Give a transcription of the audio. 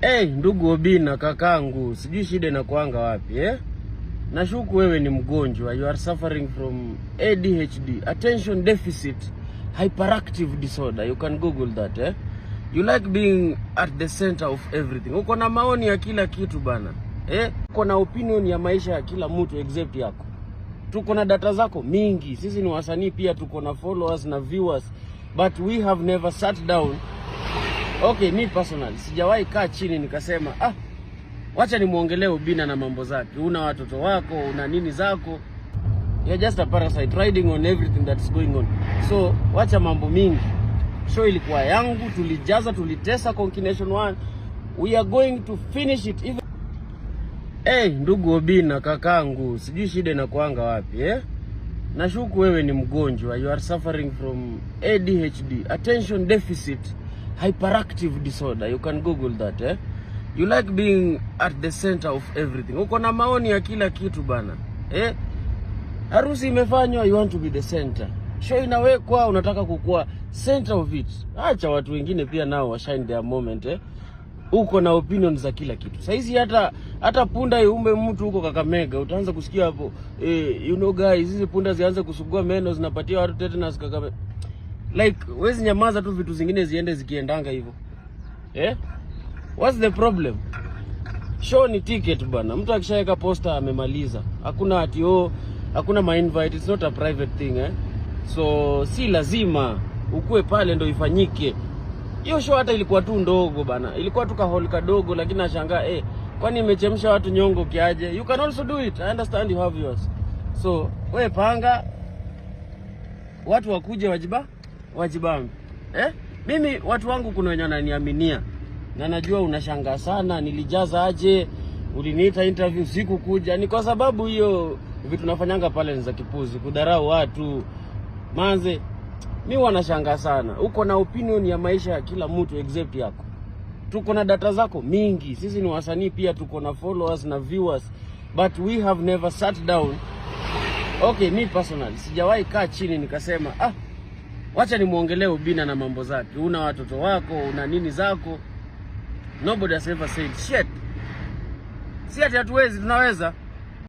Hey, ndugu Obinna kakangu, sijui shida inakuanga wapi eh? Nashuku wewe ni mgonjwa, you are suffering from ADHD, attention deficit hyperactive disorder. You can google that eh? You like being at the center of everything. Uko na maoni ya kila kitu bana eh? Uko na opinion ya maisha ya kila mtu except yako. Tuko na data zako mingi, sisi ni wasanii pia, tuko na followers na viewers, but we have never sat down Okay, mi personal sijawahi kaa chini nikasema ah, wacha nimwongelee Ubina na mambo zake. Una watoto wako, una nini zako, you're just a parasite riding on everything that's going on, so wacha mambo mingi. Show ilikuwa yangu, tulijaza, tulitesa Concatenation one. We are going to finish it even... Hey, ndugu Obina kakangu, sijui shida inakuanga wapi eh? Nashuku wewe ni mgonjwa, you are suffering from ADHD, attention deficit hyperactive disorder, you can google that eh? You like being at the center of everything. Uko na maoni ya kila kitu bana eh? Harusi imefanywa, you want to be the center. Show inawekwa, unataka kukua center of it. Acha watu wengine pia nao washine their moment eh? Uko na opinion za kila kitu. Sasa hizi hata hata punda iume mtu huko Kakamega, utaanza kusikia hapo eh, you know guys, hizi punda zianze kusugua meno zinapatia watu tetanus Kakamega like wezi nyamaza tu, vitu zingine ziende zikiendanga hivyo eh? What's the problem? Show ni ticket bana. Mtu akishaweka poster amemaliza, hakuna ati oh, hakuna my invite. It's not a private thing eh? So si lazima ukue pale ndo ifanyike hiyo show. Hata ilikuwa tu ndogo bana, ilikuwa tu kahol kadogo, lakini nashangaa eh, kwani imechemsha watu nyongo kiaje? You can also do it. I understand you have yours, so we panga watu wakuje wajiba wajibu wangu eh? Mimi watu wangu kuna wenye wananiaminia na najua unashangaa sana, nilijaza aje, uliniita interview siku kuja, Ni kwa sababu hiyo vitu nafanyanga pale ni za kipuzi, kudharau watu manze. Mi wanashangaa sana, uko na opinion ya maisha ya kila mtu except yako. Tuko na data zako mingi, sisi ni wasanii pia, tuko na followers na viewers, but we have never sat down. Okay, mi personal sijawahi kaa chini nikasema ah Wacha nimwongelee Ubina na mambo zake. Una watoto wako, una nini zako. Nobody has ever said shit. Si ati hatuwezi, tunaweza.